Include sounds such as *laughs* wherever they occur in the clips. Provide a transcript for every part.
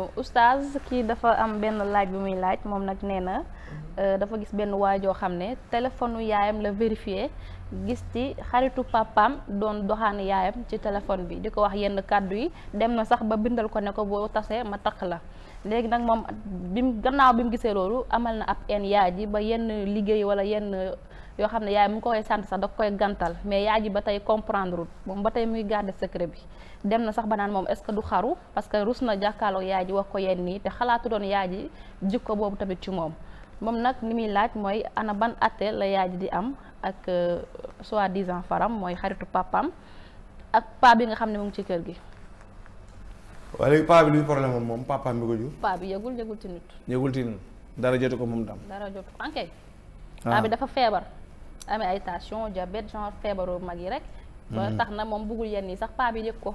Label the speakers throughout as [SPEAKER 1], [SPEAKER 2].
[SPEAKER 1] oustaz kii dafa am benn laaj bi muy laaj moom nag nee na euh, dafa gis benn waajoo xam ne téléphone yaayam la vérifié gis ci xaritu papaam doon doxaan yaayam ci téléphone bi di ko wax yenn kàddu yi dem na sax ba bindal ko ne ko boo tasee ma takk la léegi nag moom bi gannaaw bi mu gisee loolu amal na ab en yaay ji ba yenn liggéey wala yenn yoo xam ne yaay mu ngi koy sant sax da koy gantal mais yaay ji ba tey comprendre moom ba tey muy garder secret bi dem na sax banaan moom est ce que du xaru parce que rus na jàkkaarloo yaay ji wax ko yenn nii te xalaatu doon yaay ji jikko boobu tamit ci moom moom nag li muy laaj mooy ana ban atte la yaay ji di am ak euh, soi-disant faram mooy xaritu papam ak pa bi nga xam ne mu ngi ci kër gi.
[SPEAKER 2] waaye léegi paa bi luy problème moom papaam bi ko jur. paa bi yëgul yëgul ci nit. dara jotu ko moom dam
[SPEAKER 1] dara jot ko ok. Ah. paa bi dafa feebar. amee ay tension diabète genre feebaru mag yi rek. Mhm. ba tax na moom buggul yenn yi sax paa bi yëg ko.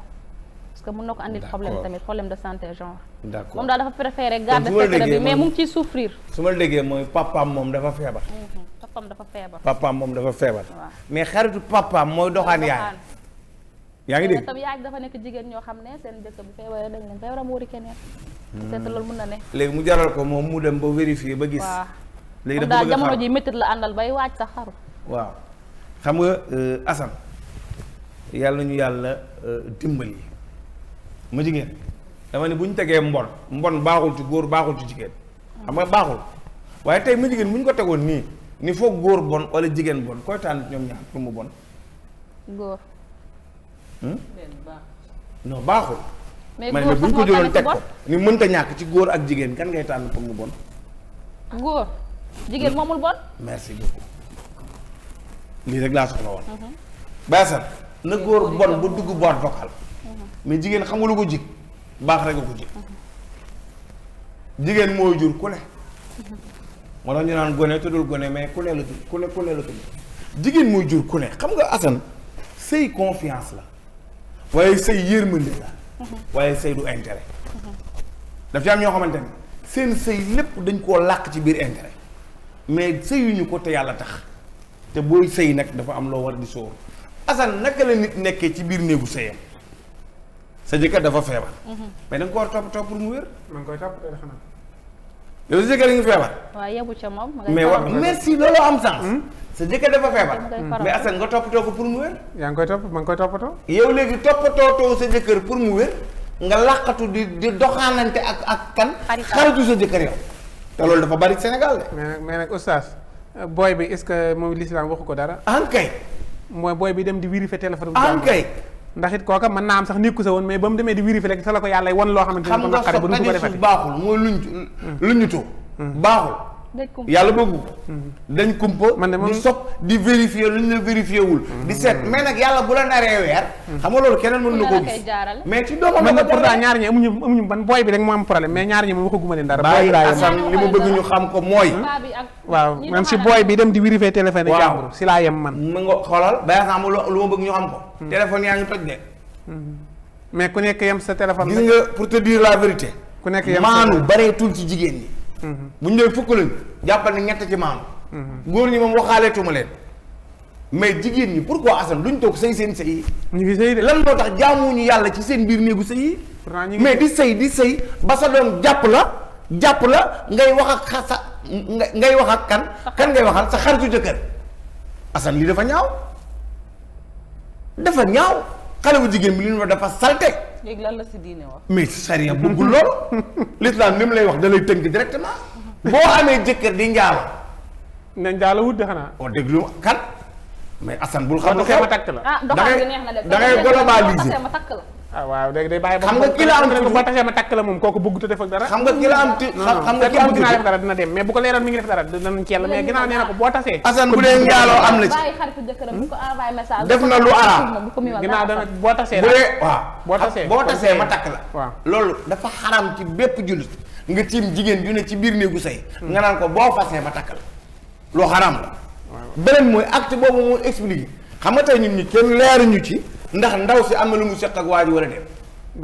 [SPEAKER 1] parce que mën na ko andil problème tamit problème de santé genre. d'accord moom daal dafa préféré garder secret mais mu ngi ciy
[SPEAKER 2] su ma la déggee mooy moom dafa feebar.
[SPEAKER 1] Mhm. papaam dafa feebar.
[SPEAKER 2] papaam moom dafa feebar. mais xaritu papaam mooy doxaan yaay. yaa ngi dégg tam
[SPEAKER 1] yaay dafa nekk jigéen ñoo xam ne seen jëkkër bu feebaree dañ leen feebaram wóori keneen.
[SPEAKER 2] Hmm. peut-être loolu mën na ne. léegi mu jaral ko moom mu dem ba vérifier ba gis. léegi dafa bëgg a xam daal jamono ji
[SPEAKER 1] métit la àndal bay waaj sax xaru.
[SPEAKER 2] waaw xam nga euh, Assane yàlla ñu yàlla euh, dimbali ma jigéen dama ne bu ñu tegee mbon mbon baaxul ci góor baaxul ci jigéen xam nga baaxul waaye tey ma jigéen bu ñu ko tegoon nii ni foog góor bon wala jigéen bon koy tànn ñoom ñaar pour mu bon. góor. Hmm? non baaxul.
[SPEAKER 1] bu ko jëloon teg ko
[SPEAKER 2] ni mënta ñàkk ci góor ak jigéen kan ngay tànn pour mu bon.
[SPEAKER 1] góor jigéen moomul bon.
[SPEAKER 2] lii rek laa soxla woon. Mhm. baasal na góor bon ba dugg boîte vocale. Mhm. mais jigéen xam nga lu ko jig baax rek nga ko jig. Mhm. jigéen mooy jur ku ne. moo naan gone gone mais ku ne jigéen mooy jur ku xam nga Assane sëy confiance la waaye sëy yërmande la waaye sëy du intérêt daf ci am ñoo xamante ni seen sëy lépp dañ koo làq ci biir intérêt mais sëyuñu ko te yàlla tax te booy sëy nag dafa am loo war di sóor Assane naka la nit nekkee ci biir néegu sëyam sa jëkkër dafa feebar. Mhm. mais da nga ko war a toppatoo pour mu wér. maa ngi koy toppatoo xanaa. yow sa jëkkër a ngi feebar.
[SPEAKER 1] waaw yebu ca moom. mais wax merci
[SPEAKER 2] loolu am sens. Hmm? sa jëkkër dafa feebar. mais nga ko pour mu wér. yaa ngi koy topp maa ngi koy toppatoo. yow léegi toppatoo too sa jëkkër pour mu wér nga làqatu di di doxaanante ak ak kan. xaritu sa jëkkër yow. te loolu dafa bari Sénégal de. mais nag mais nag oustaz booy bi est-ce que moom lislaam waxu ko dara. ankay. mooy booy bi dem di vérifier téléphone. ankay. ndax it kooka naa am sax nekku sa woon mais ba mu demee di vérifier rek sa la ko yàlla won loo xamante ni. xam nga soxna baaxul mooy luñ hmm. luñutu hmm. baaxul. yàlla bëggu mhm. dañ kumpa di sob di vérifier lu ñu la vérifier wul mhm. di seet mais nag yàlla bu la naree weer mhm. xam nga loolu keneen mën na ko gis mais ci doomam ñaar ñi amuñu amuñu ban booy bi rek moo am problème mais ñaar ñi moom waxaguma leen dara bàyyi Assane li ma bëgg ñu xam ko mooy waaw man si booy bi dem di vérifier téléphone jàmbur si laa yem man mu nga xoolal Baye Assane lu ma bëgg ñu xam ko téléphone yaa ngi toj de mais ku nekk yem sa téléphone gis nga pour la vérité ku nekk yem maanu bareetul ci jigéen ñi bu ñu dee fukk lañ jàppal ne ñett ci maam. góor ñi moom waxaaleetuma leen. mais jigéen ñi pour pourquoi lu luñ toog sëy seen sëy yi. ñu ngi sëy de lan moo tax ñu yàlla ci seen biir néegu sëy yi. mais di sëy di sëy ba sa doom jàpp la jàpp la ngay wax ak sa ngay wax ak kan kan ngay wax waxal sa xaritu jëkkër Assane lii dafa ñaaw dafa ñaaw xale bu jigéen bi li ñu dafa salte
[SPEAKER 1] léegi lan la si diine wax.
[SPEAKER 2] mais sariya bëggul lool. *laughs* l'islam ni mu lay wax da lay tënk directement. boo amee jëkkër di njaalo. na njaalo wut de xanaa. oo oh, déglu kan. mais Assane bul xam. xew ma takk la ah, da ngay da ngay globaliser. ah waaw léegi day bàyyi xam nga ki la am tuuti moom kooku bëgg te def ak dara xam nga ki la am dara na ko boo tasee Assane bu dee njaaloo am na ci bàyyi
[SPEAKER 1] xaritu jëkkëram bu ko envoyé message def na lu bu
[SPEAKER 2] dee waaw boo ma takk la loolu dafa xaram ci bépp jullit nga tiim jigéen ju ne ci biir néegu say hmm. nga naan ko boo fasee ma takk la loo xaram la beneen mooy acte boobu mu expliqué xam nga tey ñun ñi kenn leeruñu ci ndax ndaw si am na lu mu seq ak waa ji wala dem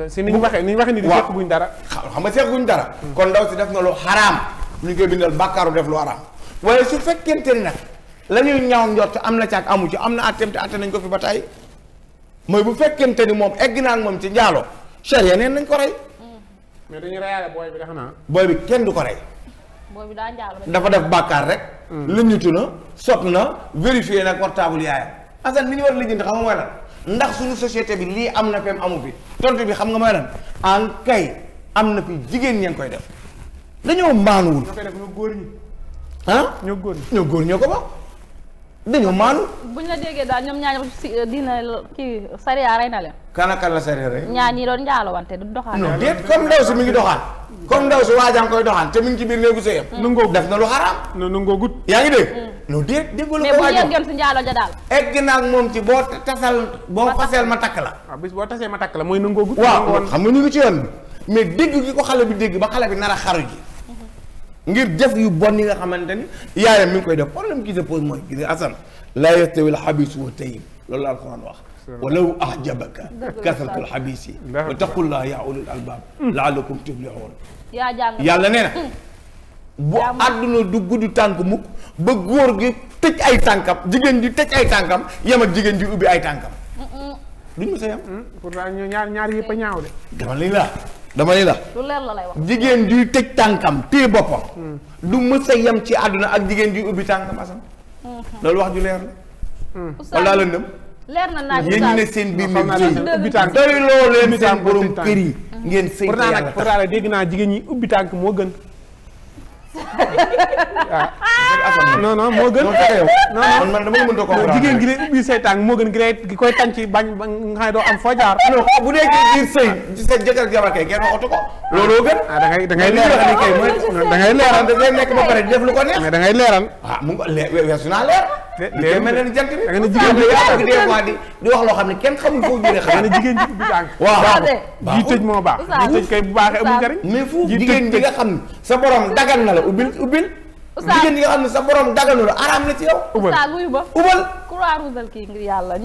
[SPEAKER 2] si ni ñu waxee ni ñu waxee ni di seq guñ dara xam nga seq guñ dara hmm. kon ndaw si def na lu xaraam ñu ngi koy bindal bàkkaaru def lu xaraam waaye su fekkente ni nag la ñuy ñaaw njort am na ak amu ci am na attemté atte nañ ko fi ba tey mooy bu fekkente ni moom egg naa moom ci njaalo charia neen nañ ko rey hmm. mais dañuy reyaale booy bi xanaa booy bi kenn du ko rey booy bi daa njaalo dafa def bàkkaar rek hmm. lëññitu na sot na vérifié nag portable yaayam Assane mi ñu war a lijjanti xam nga mooy lan ndax suñu société bi lii am na fi amu fi tontu bi xam nga mooy lan en kay am na fi jigéen ñeen koy def dañoo maanuwul. ñoo koy def ñoo góor ñi. ah ñoo góor ñoo góor ñoo ko bokk. dañoo maanu.
[SPEAKER 1] ñu la déggee daal ñoom ñaar si euh, dina kii sariya rey na leen.
[SPEAKER 2] la sariya rey. ñaar
[SPEAKER 1] ñi doon njaalo wante du doxaan. non déet
[SPEAKER 2] comme ndaw si mi ngi doxaan. comme ndaw si waajaan koy doxaan te mi ngi ci biir néegu sëyam. Mm. def na lu xaraam. non nangoo yaa ngi dégg. Mm. non déet déggoo la ko waajal mais bu
[SPEAKER 1] yeggoon si njaalo ja daal. egg
[SPEAKER 2] naa moom ci boo tasal boo faseel ma takk la. waaw ah, bis boo tasee ma takk la mooy nangoo gut. waaw xam nga ñu ngi ci yoon bi mais dégg gi ko xale bi dégg ba xale bi nar a xaru ji ngir def yu bon yi nga xamante ni yaayam mi ngi koy def problème qui se pose mooy gis asan laa yastawi alxabis wa tayib loolu la alquran wax walaw ahjabaka kasratu alxabis yi wa taqullaha yaa ulul albab laalakum tuflihun yàlla nee na bu àdduna du gudd tànk mukk ba góor gi tëj ay tànkam jigéen ji tëj ay tànkam yem ak jigéen ji ubbi ay tànkam duñ ma sa yem mm, pourtant ñaar ñaar yëpp a ñaaw de dama lay laa dama ni la lu jigéen juy tëj tànkam téye boppa hmm. du mës a yem ci àdduna ak jigéen juy ubbi tànkam asam hmm. loolu wax ju leer la hmm. walla lëndëm
[SPEAKER 1] leer na naaj ne seen biir mi ubbi tànk doy loo leen seen borom kër yi ngeen sëy pourtant nag pourtant
[SPEAKER 2] nag dégg naa jigéen ñi ubbi tànk moo gën *laughs* ah. non non moo gën. non non man dama mënta comprendre jigéen gi lay ubbi say tànk moo gën gi lay ki koy tànci bañ nga ne doo am foo jaar. non bu dee biir sëy sa kay kenn waxatu ko. looloo ah, da ngay da ngay leeral da ngay leeral da ngay nekk ba pare di def da ngay leeral. ah da nga jii ah, eh. tëj moo baax. jii tëj kay bu baaxee amul njariñ. mais fu sa borom dagan na la ubbil ubbil oustaz jigéen ñi nga xam ne sa borom daganu la araam na ci yow. ubal oustaz
[SPEAKER 1] wuyu ba ubal. croix rouge kii ngir yàlla.